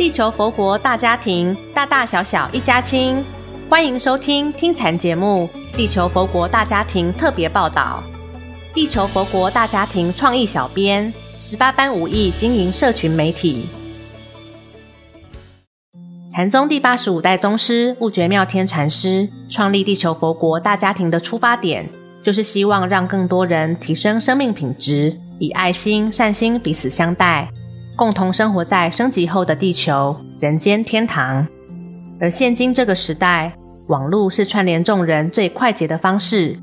地球佛國大家庭，大大小小一家親，歡迎收聽《聽禪》節目《地球佛國大家庭》特別報導。地球佛國大家庭創意小編，十八般武藝，經營社群媒體。禪宗第八十五代宗師悟覺妙天禪師創立地球佛國大家庭的出發點，就是希望讓更多人提升生命品質，以愛心、善心彼此相待。共同生活在升級後的地球人間天堂，而現今這個時代，網絡是串聯眾人最快捷的方式，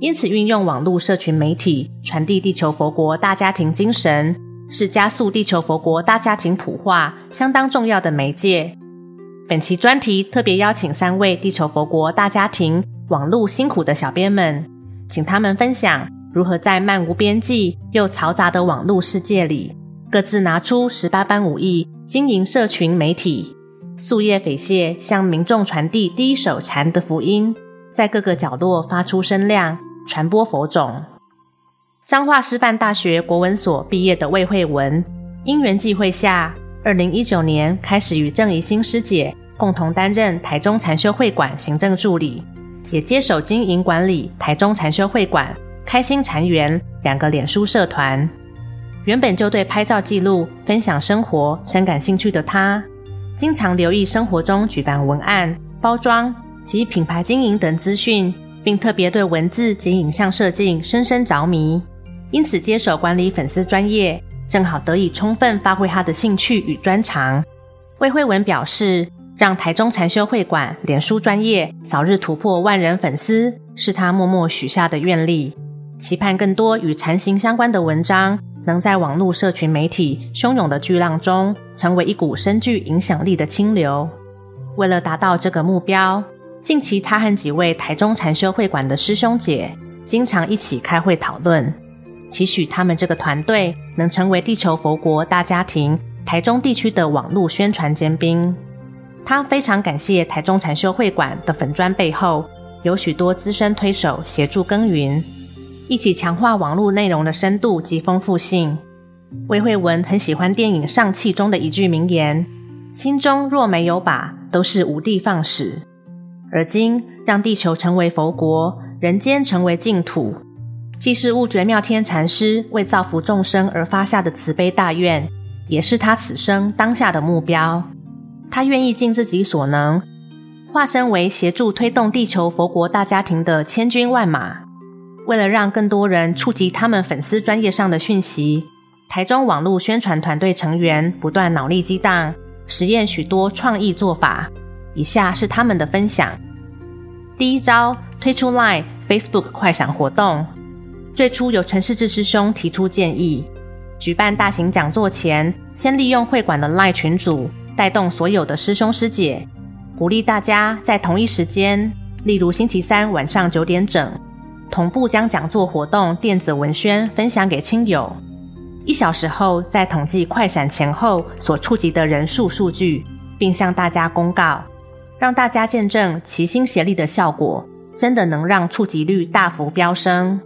因此運用網絡社群媒體傳遞地球佛國大家庭精神，是加速地球佛國大家庭普化相當重要的媒介。本期專題特別邀請三位地球佛國大家庭網路辛苦的小編們，請他們分享如何在漫無邊際又嘈雜的網絡世界裡，各自拿出十八般武藝經營社群媒體，夙夜匪懈向民眾傳遞第一手禪的福音，在各個角落發出聲量，傳播佛種。彰化師範大學國文所畢業的魏惠文，因緣際會下，二零一九年開始與鄭怡興師姐共同擔任台中禪修會館行政助理，也接手經營管理台中禪修會館、開心禪園兩個臉書社團。原本就對拍照記錄、分享生活深感興趣的他，經常留意生活中舉凡文案、包裝及品牌經營等資訊，並特別對文字及影像設計深深着迷。因此接手管理粉絲專頁，正好得以充分發揮他的興趣與專長。魏惠文表示：“讓台中禪修會館臉書專頁早日突破萬人粉絲，是他默默許下的願力，期盼更多與禪行相關的文章。”能在網絡社群媒體洶湧的巨浪中，成為一股深具影響力的清流。為了達到這個目標，近期他和幾位台中禪修會館的師兄姐，經常一起開會討論，期許他們這個團隊能成為地球佛國大家庭台中地區的網絡宣傳尖兵。他非常感謝台中禪修會館的粉專背後，有許多資深推手協助耕耘。一起強化網絡內容的深度及豐富性。魏惠文很喜歡電影《尚氣》中的一句名言：“心中若沒有把，都是無的放矢。”而今，讓地球成為佛國，人間成為淨土，既是悟覺妙天禪師為造福眾生而發下的慈悲大願，也是他此生當下的目標。他願意盡自己所能，化身為協助推動地球佛國大家庭的千軍萬馬。為了讓更多人觸及他們粉絲專頁上的訊息，台中網絡宣傳團隊成員不斷腦力激盪，實驗許多創意做法。以下是他們的分享：第一招，推出 LINE、Facebook 快閃活動。最初由陳世志師兄提出建議，舉辦大型講座前，先利用會館的 LINE 群組帶動所有的師兄師姐，鼓勵大家在同一時間，例如星期三晚上九點整。同步將講座活動電子文宣分享給親友，一小時後再統計快閃前後所觸及的人數數據，並向大家公告，讓大家見證齊心協力的效果，真的能讓觸及率大幅飆升。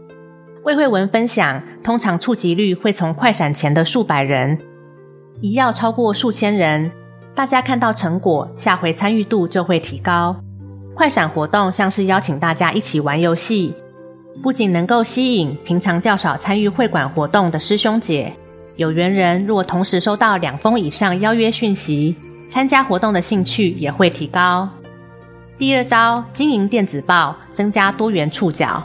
魏惠文分享，通常觸及率會從快閃前的數百人，一躍超過數千人，大家看到成果，下回參與度就會提高。快閃活動像是邀請大家一起玩遊戲。不僅能夠吸引平常較少參與會館活動的師兄姐，有緣人若同時收到兩封以上邀約訊息，參加活動的興趣也會提高。第二招，經營電子報，增加多元觸角。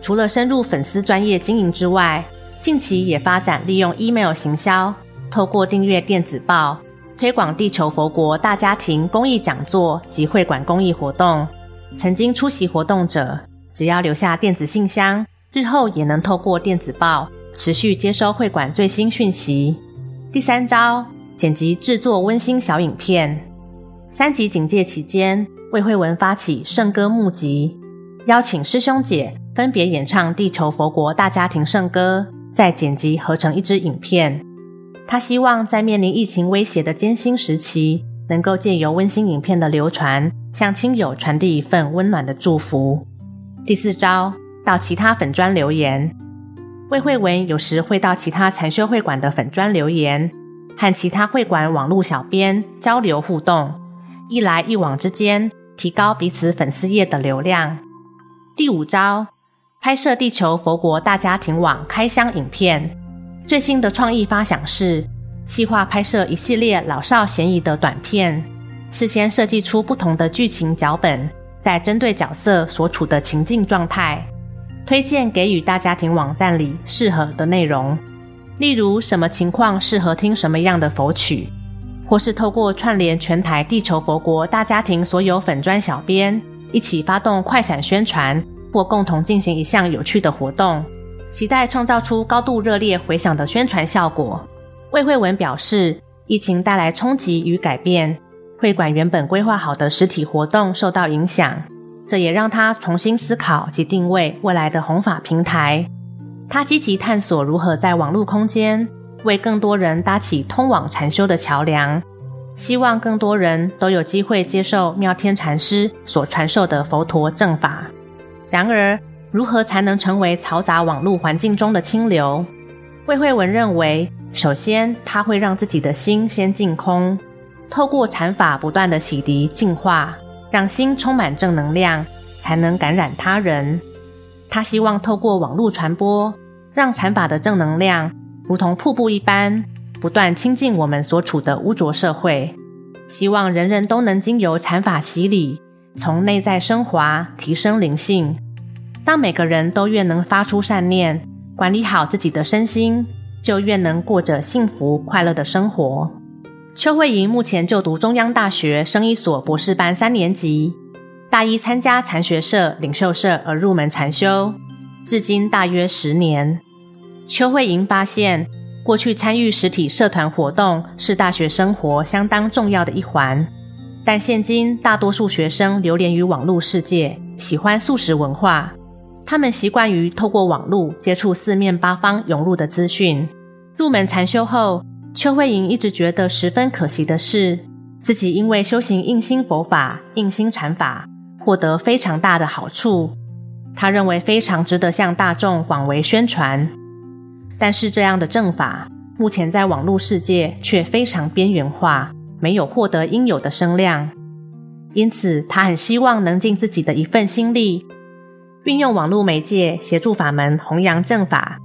除了深入粉絲專頁經營之外，近期也發展利用 email 行銷，透過訂閱電子報，推廣地球佛國大家庭公益講座及會館公益活動。曾經出席活動者，只要留下電子信箱，日後也能透過電子報持續接收會館最新訊息。第三招，剪輯製作溫馨小影片。三級警戒期間，魏慧文發起聖歌募集，邀請師兄姐分別演唱《地球佛國大家庭聖歌》，再剪輯合成一支影片。他希望在面臨疫情威脅的艱辛時期，能夠借由溫馨影片的流傳，向親友傳遞一份溫暖的祝福。第四招，到其他粉專留言。魏惠文有時會到其他禪修會館的粉專留言，和其他會館網絡小編交流互動，一來一往之間，提高彼此粉絲頁的流量。第五招，拍攝地球佛國大家庭網開箱影片。最新的創意發想是，企劃拍攝一系列老少咸宜的短片，事先設計出不同的劇情腳本。在針對角色所處的情境狀態，推薦給予大家庭網站裡適合的內容，例如什麼情況適合聽什麼樣的佛曲，或是透過串聯全台地球佛國大家庭所有粉專小編，一起發動快閃宣傳，或共同進行一項有趣的活動，期待創造出高度熱烈回響的宣傳效果。魏惠文表示，疫情帶來衝擊與改變。會館原本規劃好的實體活動受到影響，這也讓他重新思考及定位未來的弘法平台。他積極探索如何在網絡空間為更多人搭起通往禪修的橋樑，希望更多人都有機會接受妙天禪師所傳授的佛陀正法。然而，如何才能成為嘈雜網絡環境中的清流？魏慧文認為，首先，他會讓自己的心先淨空。透過禪法不斷的洗滌淨化，讓心充滿正能量，才能感染他人。他希望透過網絡傳播，讓禪法的正能量如同瀑布一般，不斷清淨我們所處的污濁社會。希望人人都能經由禪法洗禮，從內在升華，提升靈性。當每個人都越能發出善念，管理好自己的身心，就越能過着幸福快樂的生活。邱慧瑩目前就讀中央大學生醫所博士班三年級，大一參加禪學社、領袖社而入門禪修，至今大約十年。邱慧瑩發現，過去參與實體社團活動是大學生活相當重要的一環，但現今大多數學生流連於網絡世界，喜歡速食文化，他們習慣於透過網絡接觸四面八方湧入的資訊。入門禪修後，邱慧瑩一直覺得十分可惜的是，自己因為修行印心佛法、印心禪法，獲得非常大的好處，她認為非常值得向大眾廣為宣傳。但是，這樣的正法目前在網絡世界卻非常邊緣化，沒有獲得應有的聲量，因此她很希望能盡自己的一份心力，運用網絡媒介協助法門弘揚正法。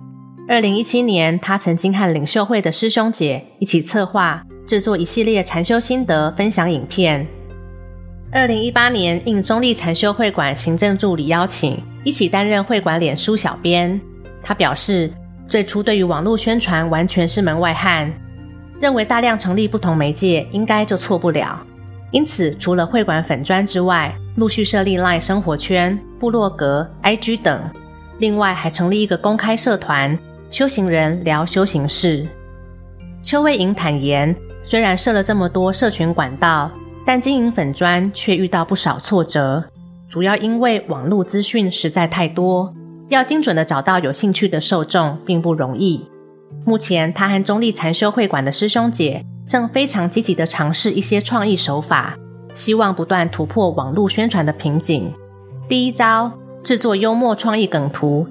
二零一七年，他曾經和領袖會的師兄姐一起策劃制作一系列禪修心得分享影片。二零一八年，應中立禪修會館行政助理邀請，一起擔任會館臉書小編。他表示，最初對於網絡宣傳完全是門外漢，認為大量成立不同媒介應該就錯不了。因此，除了會館粉專之外，陸續設立 LINE 生活圈、部落格、IG 等，另外還成立一個公開社團。修行人聊修行事，邱蔚瑩坦言，雖然設了這麼多社群管道，但經營粉專卻遇到不少挫折，主要因為網絡資訊實在太多，要精準的找到有興趣的受眾並不容易。目前，他和中立禪修會館的師兄姐正非常積極的嘗試一些創意手法，希望不斷突破網絡宣傳的瓶頸。第一招，製作幽默創意梗圖，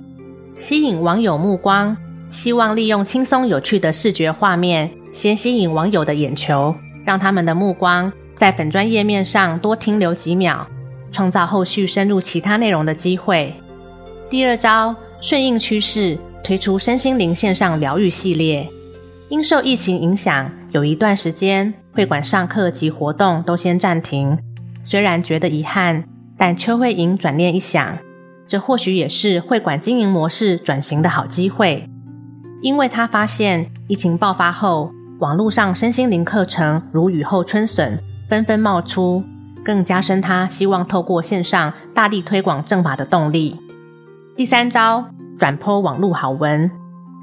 吸引網友目光。希望利用輕鬆有趣的視覺畫面，先吸引網友的眼球，讓他們的目光在粉專頁面上多停留幾秒，創造後續深入其他內容的機會。第二招，順應趨勢，推出身心靈線上療愈系列。因受疫情影響，有一段時間會館上課及活動都先暫停。雖然覺得遺憾，但邱慧瑩轉念一想，這或許也是會館經營模式轉型的好機會。因為他發現疫情爆發後，網絡上身心靈課程如雨後春筍，紛紛冒出，更加深他希望透過線上大力推廣正法的動力。第三招，轉 PO 網絡好文。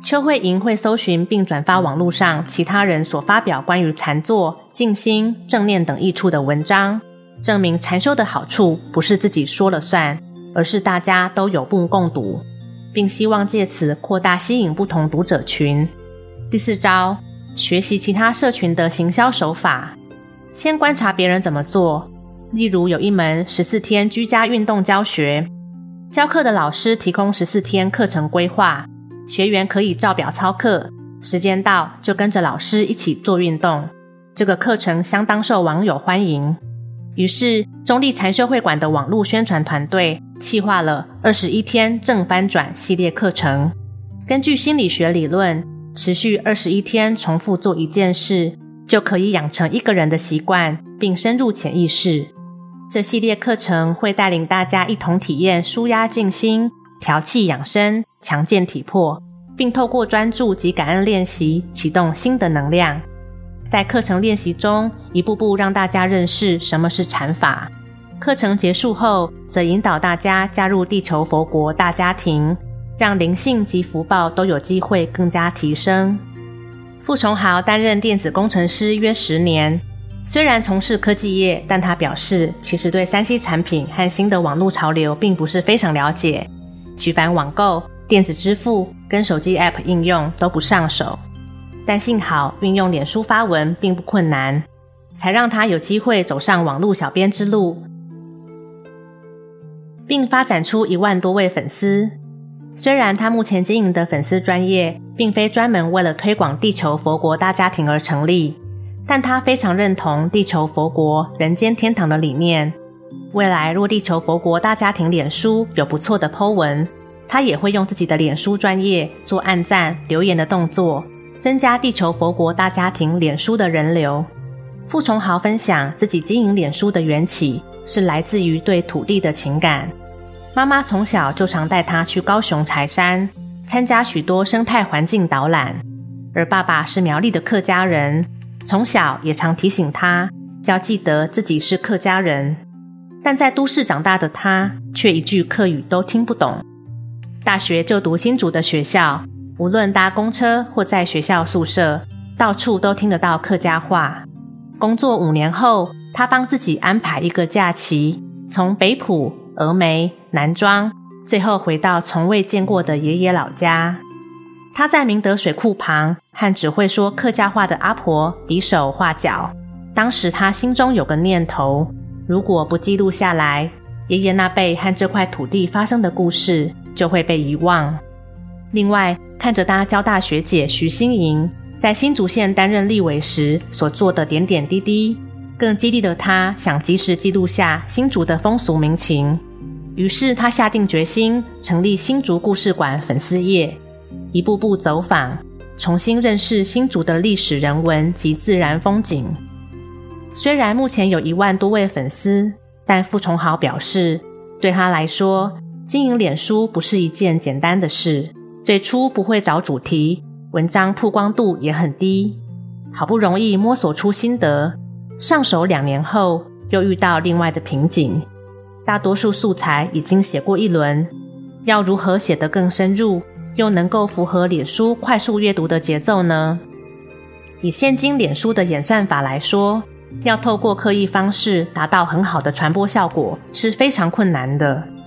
邱慧瑩會搜尋並轉發網絡上其他人所發表關於禪坐、靜心、正念等益處的文章，證明禪修的好處不是自己說了算，而是大家都有目共睹。並希望借此擴大吸引不同讀者群。第四招，學習其他社群的行銷手法，先觀察別人怎麼做。例如，有一門十四天居家運動教學，教課的老師提供十四天課程規劃，學員可以照表操課，時間到就跟着老師一起做運動。這個課程相當受網友歡迎。於是，中立禪修會館的網絡宣傳團隊企劃了二十一天正翻轉系列課程。根據心理學理論，持續二十一天重複做一件事，就可以養成一個人的習慣，並深入潛意識。這系列課程會帶領大家一同體驗舒壓靜心、調氣養生、強健體魄，並透過專注及感恩練習，啟動新的能量。在課程練習中，一步步讓大家認識什麼是禪法。課程結束後，則引導大家加入地球佛國大家庭，讓靈性及福報都有機會更加提升。傅崇豪擔任電子工程師約十年，雖然從事科技業，但他表示，其實對三 C 產品和新的網絡潮流並不是非常了解，舉凡網購、電子支付跟手機 App 應用都不上手。但幸好運用臉書發文並不困難，才讓他有機會走上網絡小編之路，並發展出一萬多位粉絲。雖然他目前經營的粉絲專業並非專門為了推廣地球佛國大家庭而成立，但他非常認同地球佛國人間天堂的理念。未來若地球佛國大家庭臉書有不錯的 PO 文，他也會用自己的臉書專業做按讚留言的動作。增加地球佛國大家庭臉書的人流，傅崇豪分享自己經營臉書的緣起是來自於對土地的情感。媽媽從小就常帶他去高雄柴山參加許多生態環境導覽，而爸爸是苗栗的客家人，從小也常提醒他要記得自己是客家人。但在都市長大的他，却一句客語都聽不懂。大學就讀新竹的學校。無論搭公車或在學校宿舍，到處都聽得到客家話。工作五年後，他幫自己安排一個假期，從北埔、峨眉、南莊，最後回到從未見過的爺爺老家。他在明德水庫旁和只會說客家話的阿婆比手畫腳。當時他心中有個念頭：如果不記錄下來，爺爺那輩和這塊土地發生的故事就會被遺忘。另外，看着他交大學姐徐欣瑩在新竹縣擔任立委時所做的點點滴滴，更激勵的他想及時記錄下新竹的風俗民情。於是，他下定決心成立新竹故事館粉絲頁，一步步走訪，重新認識新竹的歷史人文及自然風景。雖然目前有一萬多位粉絲，但傅崇豪表示，對他來說，經營臉書不是一件簡單的事。最初不會找主題，文章曝光度也很低，好不容易摸索出心得，上手兩年後，又遇到另外的瓶頸。大多數素材已經寫過一輪，要如何寫得更深入，又能夠符合臉書快速閱讀的節奏呢？以現今臉書的演算法來說，要透過刻意方式達到很好的傳播效果是非常困難的。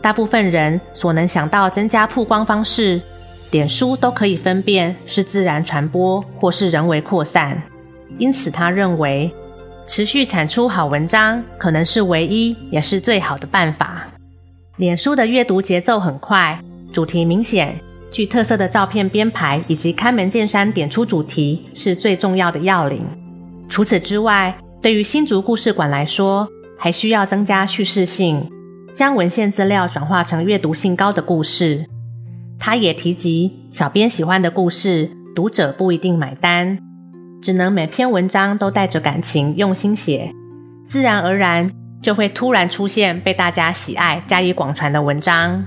大部分人所能想到增加曝光方式，臉書都可以分辨是自然傳播或是人為擴散。因此，他認為持續產出好文章可能是唯一也是最好的辦法。臉書的閱讀節奏很快，主題明顯，具特色的照片編排以及開門見山點出主題是最重要的要領。除此之外，對於新竹故事館來說，還需要增加敘事性。將文獻資料轉化成閱讀性高的故事，他也提及，小編喜歡的故事，讀者不一定買單，只能每篇文章都帶着感情用心寫，自然而然就會突然出現被大家喜愛加以廣傳的文章。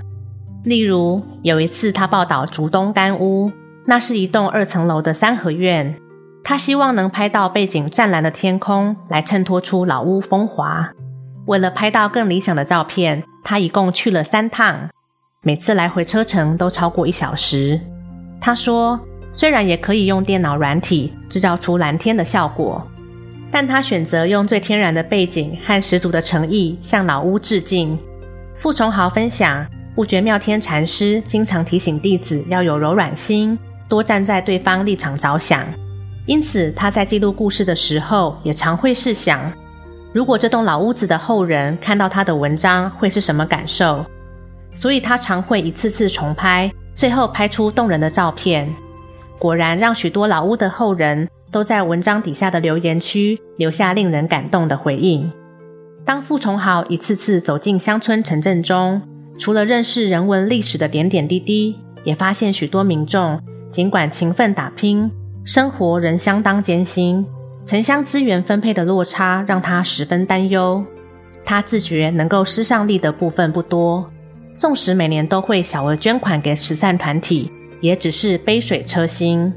例如有一次他報道竹東甘屋，那是一棟二層樓的三合院，他希望能拍到背景湛藍的天空來襯托出老屋風華。為了拍到更理想的照片，他一共去了三趟，每次來回車程都超過一小時。他說，雖然也可以用電腦軟體製造出藍天的效果，但他選擇用最天然的背景和十足的誠意向老屋致敬。傅崇豪分享，悟覺妙天禪師經常提醒弟子要有柔軟心，多站在對方立場着想，因此他在記錄故事的時候也常會試想。如果這棟老屋子的後人看到他的文章，會是什麼感受？所以，他常會一次次重拍，最後拍出動人的照片。果然，讓許多老屋的後人都在文章底下的留言區留下令人感動的回應。當傅崇豪一次次走進鄉村城鎮中，除了認識人文歷史的點點滴滴，也發現許多民眾儘管勤奮打拼，生活仍相當艱辛。城鄉資源分配的落差讓他十分擔憂。他自覺能夠使上力的部分不多，縱使每年都會小額捐款給慈善團體，也只是杯水車薪。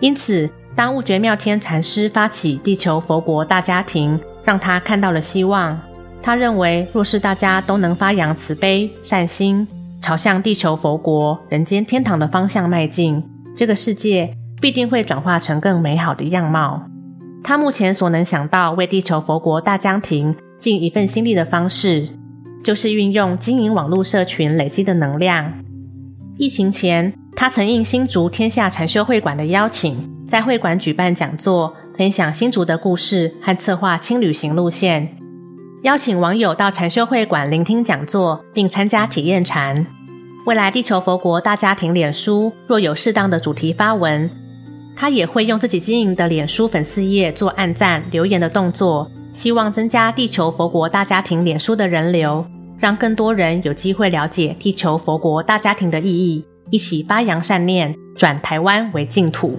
因此，當悟覺妙天禪師發起地球佛國大家庭，讓他看到了希望。他認為，若是大家都能發揚慈悲善心，朝向地球佛國、人間天堂的方向邁進，這個世界必定會轉化成更美好的樣貌。他目前所能想到為地球佛國大家庭盡一份心力的方式，就是運用經營網絡社群累積的能量。疫情前，他曾應新竹天下禪修會館的邀請，在會館舉辦講座，分享新竹的故事和策劃輕旅行路線，邀請網友到禪修會館聆聽講座並參加體驗禪。未來地球佛國大家庭臉書若有適當的主題發文，他也會用自己經營的臉書粉絲頁做按讚留言的動作，希望增加地球佛國大家庭臉書的人流，讓更多人有機會了解地球佛國大家庭的意義，一起發揚善念，轉台灣為淨土。